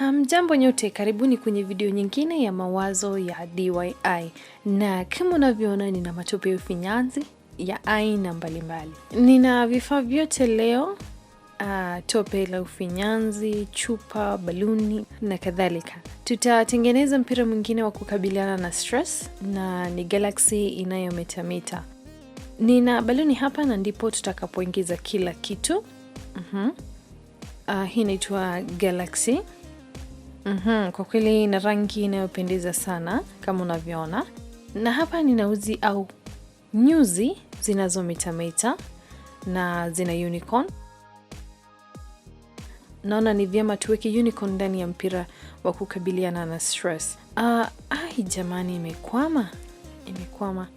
mjambo nyote, karibuni kwenye video nyingine ya mawazo ya DIY, na kama unavyoona nina matope ya ufinyanzi ya aina mbalimbali. Nina vifaa vyote leo, uh, tope la ufinyanzi, chupa, baluni na kadhalika. Tutatengeneza mpira mwingine wa kukabiliana na stress na ni galaxy inayometamita Nina baluni hapa na ndipo tutakapoingiza kila kitu. uh -huh. Uh, hii inaitwa galaxy Mm -hmm, kwa kweli na rangi inayopendeza sana kama unavyoona, na hapa nina uzi au nyuzi zinazometameta na zina unicorn. Naona ni vyema tuweke unicorn ndani ya mpira wa kukabiliana na stress. Ah, ai jamani, imekwama imekwama.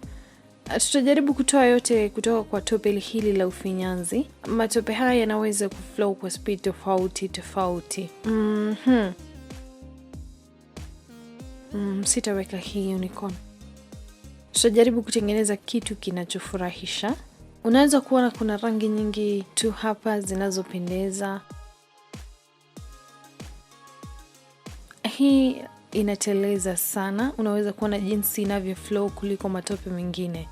Ah, tutajaribu kutoa yote kutoka kwa tope hili la ufinyanzi. Matope haya yanaweza kuflow kwa speed tofauti tofauti. mm -hmm. Mm, sitaweka hii unicorn. Tutajaribu kutengeneza kitu kinachofurahisha. Unaweza kuona kuna rangi nyingi tu hapa zinazopendeza. Hii inateleza sana, unaweza kuona jinsi inavyo flow kuliko matope mengine.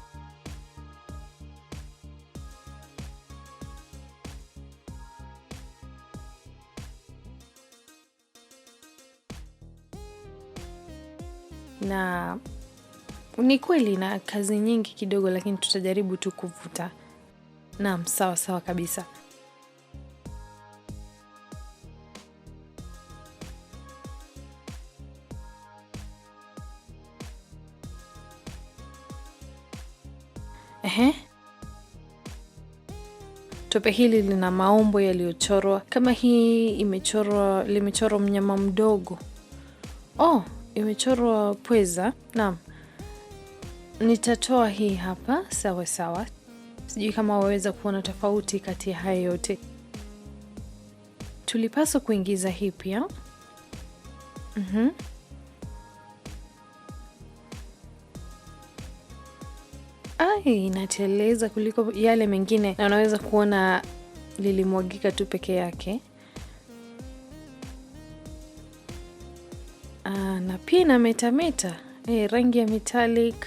na ni kweli na kazi nyingi kidogo, lakini tutajaribu tu kuvuta. nam sawa sawa kabisa. Ehe. Tope hili lina maumbo yaliyochorwa kama hii imechorwa, limechorwa mnyama mdogo. Oh, imechorwa pweza. Naam, nitatoa hii hapa sawa sawa. Sijui kama waweza kuona tofauti kati ya haya yote. Tulipaswa kuingiza hii pia. Mhm. Ai, inateleza kuliko yale mengine, na unaweza kuona lilimwagika tu peke yake. pia ina metameta e, rangi ya metallic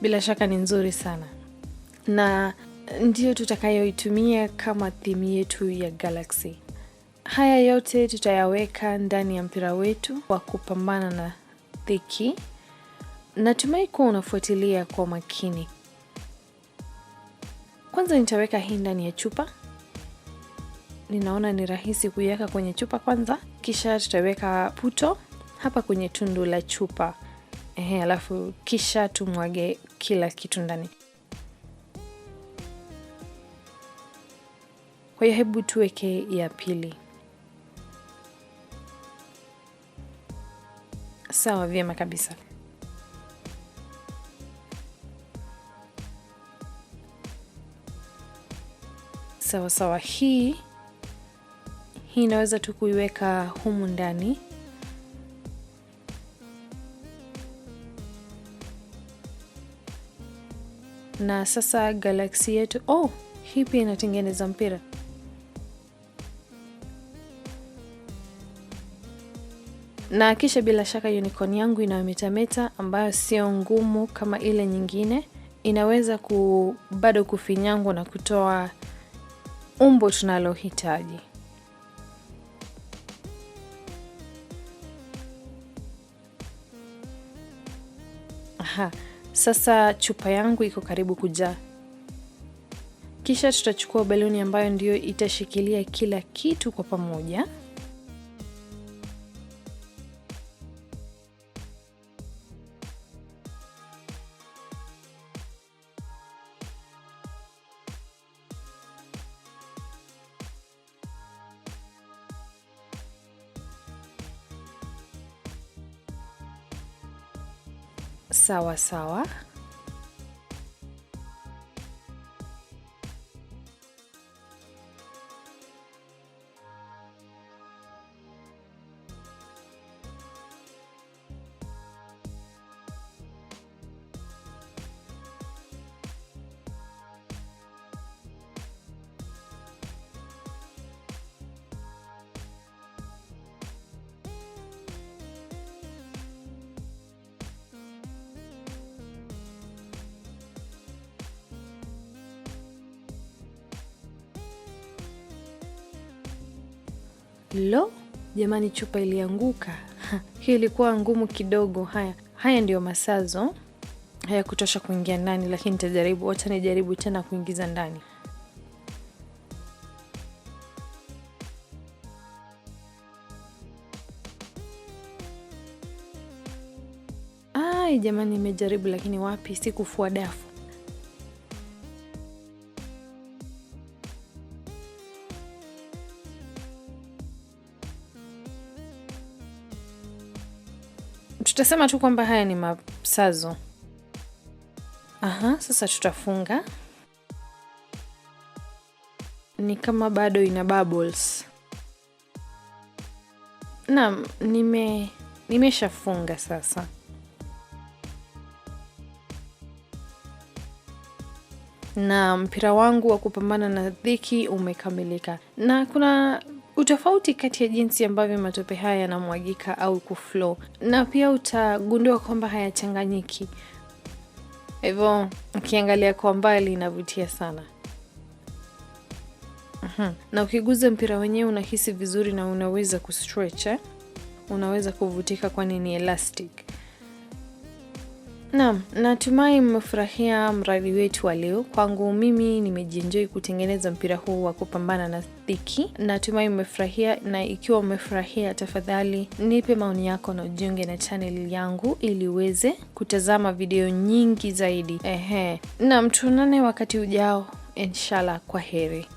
bila shaka ni nzuri sana na ndiyo tutakayoitumia kama thimu yetu ya Galaxy. Haya yote tutayaweka ndani ya mpira wetu wa kupambana na thiki Natumai kuwa unafuatilia kwa makini. Kwanza nitaweka hii ndani ya chupa. Ninaona ni rahisi kuiweka kwenye chupa kwanza, kisha tutaweka puto hapa kwenye tundu la chupa ehe, alafu kisha tumwage kila kitu ndani. Kwa hiyo hebu tuweke ya pili. Sawa, vyema kabisa. Sawa sawa, hii hii inaweza tu kuiweka humu ndani. na sasa galaksi yetu oh, hii pia inatengeneza mpira. Na kisha bila shaka unicorn yangu inayometameta ambayo sio ngumu kama ile nyingine, inaweza ku bado kufinyangwa na kutoa umbo tunalohitaji. Aha. Sasa chupa yangu iko karibu kujaa. Kisha tutachukua baluni ambayo ndiyo itashikilia kila kitu kwa pamoja. sawa sawa. Lo, jamani, chupa ilianguka. Hii ilikuwa ngumu kidogo. Haya haya ndiyo masazo kutosha kuingia ndani, lakini nitajaribu. Wacha nijaribu tena kuingiza ndani. Ai jamani, nimejaribu lakini wapi, sikufua dafu. tutasema tu kwamba haya ni masazo. Aha, sasa tutafunga. Ni kama bado ina bubbles. Naam, nime nimeshafunga sasa. na mpira wangu wa kupambana na dhiki umekamilika, na kuna utofauti kati ya jinsi ambavyo matope haya yanamwagika au kuflo na pia utagundua kwamba hayachanganyiki. Hivyo ukiangalia kwa mbali inavutia sana. Uhum. Na ukiguza mpira wenyewe unahisi vizuri na unaweza kustretch eh? Unaweza kuvutika kwani ni elastic. Naam, natumai mmefurahia mradi wetu wa leo. Kwangu mimi nimejienjoy kutengeneza mpira huu wa kupambana na dhiki. Natumai mmefurahia, na ikiwa umefurahia, tafadhali nipe maoni yako na ujiunge na channel yangu ili uweze kutazama video nyingi zaidi. Ehe, naam, tuonane wakati ujao, inshallah. Kwa heri.